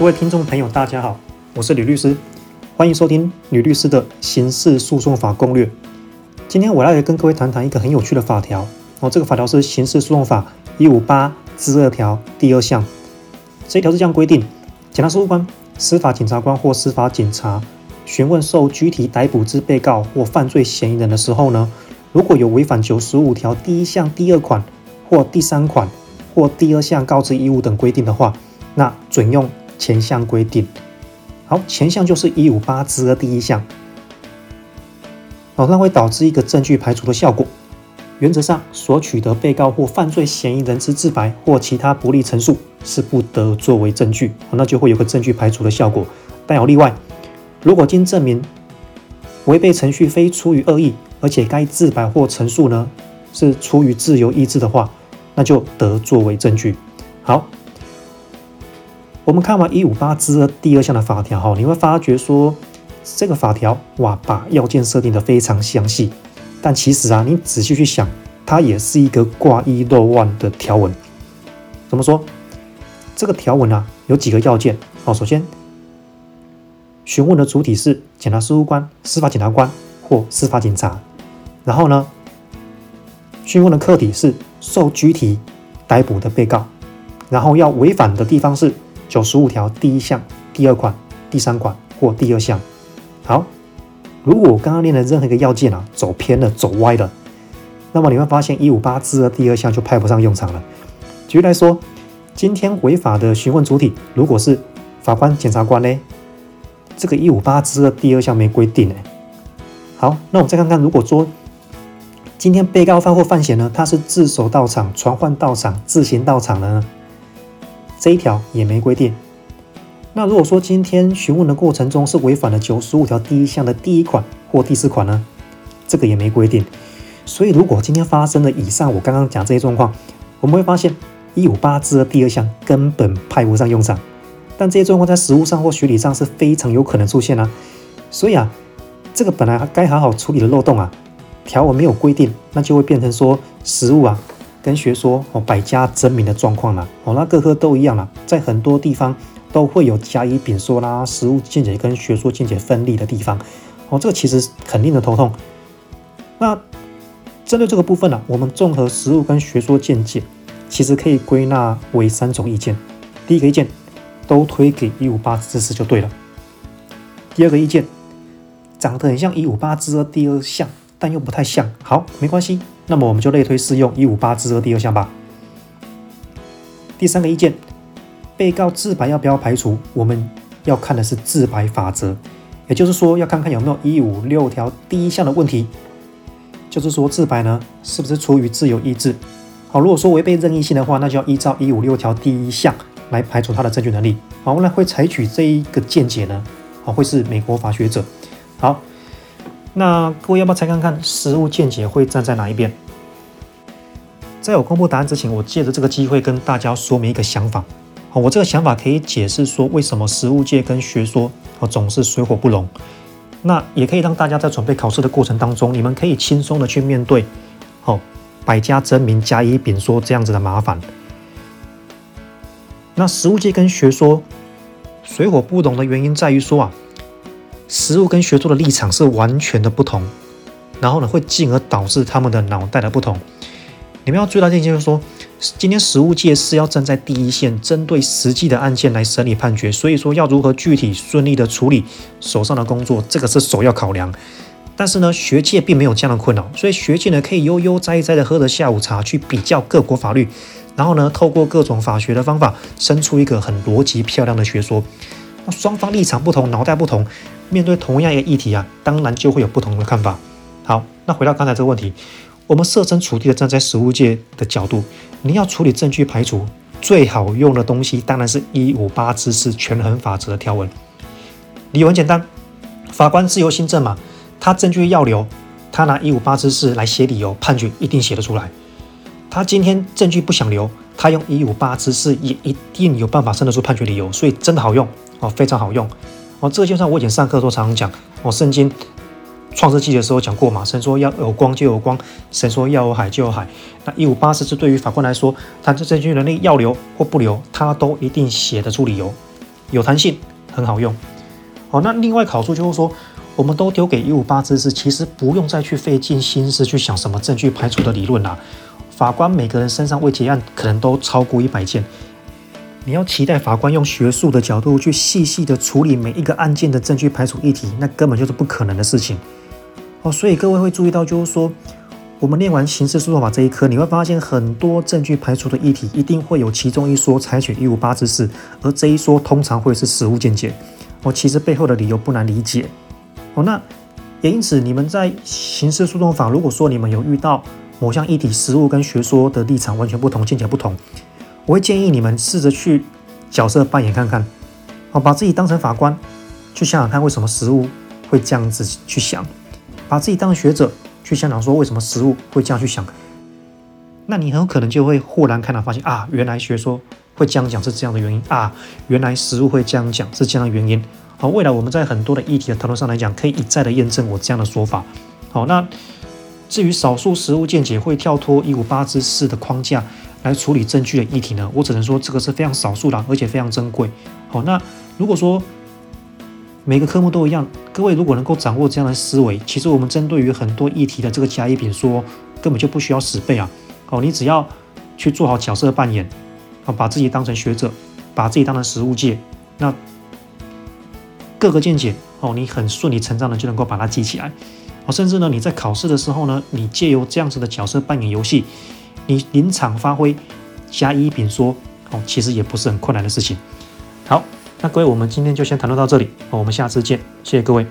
各位聽眾朋友，大家好，我是呂律師，歡迎收聽呂律師的《刑事訴訟法攻略》。今天我要來跟各位談談一個很有趣的法條。哦，這個法條是《刑事訴訟法》一五八之二條第二項。這條是這樣規定：檢察事務官、司法警察官或司法警察詢問受拘提逮捕之被告或犯罪嫌疑人的時候呢，如果有違反九十五條第一項第二款或第三款或第二項告知義務等規定的話，那準用。前項規定，好，前項就是一五八之第一項，哦，那會導致一個證據排除的效果。原則上，所取得被告或犯罪嫌疑人之自白或其他不利陳述是不得作為證據，那就會有個證據排除的效果。但有例外，如果經證明違背程序非出於惡意，而且該自白或陳述呢是出於自由意志的話，那就得作為證據。好。我們看完一五八之二第二項的法條哈，你會發覺說這個法條哇，把要件設定的非常詳細。但其實啊，你仔細去想，它也是一個掛一漏萬的條文。怎麼說？這個條文啊，有幾個要件啊？首先，詢問的主體是檢察事務官、司法警察官或司法警察。然後呢，詢問的客體是受拘提、逮捕的被告。然後要違反的地方是。九十五條第一項、第二款、第三款或第二項。好，如果我剛剛念的任何一個要件啊，走偏了、走歪了，那麼你會發現一五八之二第二項就派不上用場了。舉例來說，今天違法的詢問主體如果是法官、檢察官呢？這個一五八之二第二項沒規定呢。好，那我們再看看，如果說今天被告犯或犯嫌呢，他是自首到場、傳喚到場、自行到場了呢？這一條也沒規定。那如果說今天詢問的過程中是違反了九十五條第一項的第一款或第四款呢？這個也沒規定。所以如果今天發生了以上我剛剛講這些狀況，我們會發現一五八之二的第二項根本派不上用場。但這些狀況在實務上或學理上是非常有可能出現的啊。所以啊，這個本來該好好處理的漏洞啊，條文沒有規定，那就會變成說實務啊。跟學說哦，百家爭鳴的狀況啦，哦，那各科都一樣啦，啊，在很多地方都會有甲乙丙說啦，實務見解跟學說見解分離的地方，哦，這個其實肯定的頭痛。那針對這個部分呢，啊，我們綜合實務跟學說見解，其實可以歸納為三種意見。第一個意見，都推給一五八之四就對了。第二個意見，長得很像一五八之二的第二項。但又不太像，好，沒關係。那麼我們就類推適用一五八之二第二項吧。第三個意見，被告自白要不要排除？我們要看的是自白法則，也就是說要看看有沒有一五六條第一項的問題，就是說自白呢是不是出於自由意志？好，如果說違背任意性的話，那就要依照一五六條第一項來排除他的證據能力。好，那會採取這一個見解呢，好，會是美國法學者。好。那各位要不要猜看看實務見解會站在哪一邊？在我公布答案之前，我借着這個機會跟大家說明一個想法。好，我這個想法可以解釋說為什麼實務界跟學說總是水火不容。那也可以讓大家在準備考試的過程當中，你們可以輕鬆地，去面對，哦，百家爭鳴、甲乙丙說這樣子的麻煩。那實務界跟學說水火不容的原因在於說啊。實務跟學說的立場是完全的不同，然後呢，會進而導致他們的腦袋的不同。你們要注意到一點，就是說，今天實務界是要站在第一線，針對實際的案件來審理判決，所以說要如何具體順利的處理手上的工作，這個是首要考量。但是呢，學界並沒有這樣的困擾，所以學界呢可以悠悠哉哉的喝着下午茶，去比較各國法律，然後呢，透過各種法學的方法，生出一個很邏輯漂亮的學說。那雙方立場不同，腦袋不同。面對同樣一個議題啊，當然就會有不同的看法。好，那回到剛才這個問題，我們設身處地的站在實務界的角度，你要處理證據排除，最好用的東西當然是158之四權衡法則的條文。理由很簡單，法官自由心證嘛，他證據要留，他拿158之四來寫理由，判決一定寫得出來。他今天證據不想留，他用158之四也一定有辦法撐得出判決理由，所以真的好用哦，非常好用。哦，這個、件事我以前上課都常常講。我、哦、聖經創世記的時候講過嘛，神說要有光，就有光，神說要有海，就有海。那一五八之二對於法官來說，他這證據能力要留或不留，他都一定寫得出理由，有彈性，很好用。好，那另外好處就是說，我們都丟給一五八之二是其實不用再去費盡心思去想什麼證據排除的理論啦。法官每個人身上未結案可能都超過一百件。你要期待法官用學術的角度去細細的處理每一個案件的證據排除議題，那根本就是不可能的事情。哦，所以各位會注意到，就是說，我們念完刑事訴訟法這一科，你會發現很多證據排除的議題，一定會有其中一說採取一五八之四。而這一說通常會是實務見解。哦，其實背後的理由不難理解。哦，那也因此，你們在刑事訴訟法，如果說你們有遇到某項議題實務跟學說的立場完全不同，見解不同。我會建議你們試着去角色扮演看看，好，把自己當成法官，去想想看為什麼實務會這樣子去想；把自己當學者，去想想說為什麼實務會這樣去想。那你很有可能就會豁然開朗，發現啊，原來學說會這樣講是這樣的原因啊，原來實務會這樣講是這樣的原因。好，未來我們在很多的議題的討論上來講，可以一再的驗證我這樣的說法。好，那至於少數實務見解會跳脫一五八之四的框架。來處理證據的議題呢？我只能說這個是非常少數的，而且非常珍貴。好，那如果說每個科目都一樣，各位如果能夠掌握這樣的思維，其實我們針對於很多議題的這個甲乙丙說，說根本就不需要死背啊。哦，你只要去做好角色扮演啊，把自己當成學者，把自己當成實務界，那各個見解哦，你很順理成章的就能夠把它記起來。哦，甚至呢，你在考試的時候呢，你借由這樣子的角色扮演遊戲。你臨場發揮，加一丙說哦，其實也不是很困難的事情。好，那各位，我們今天就先談論到這裡，我們下次見，謝謝各位。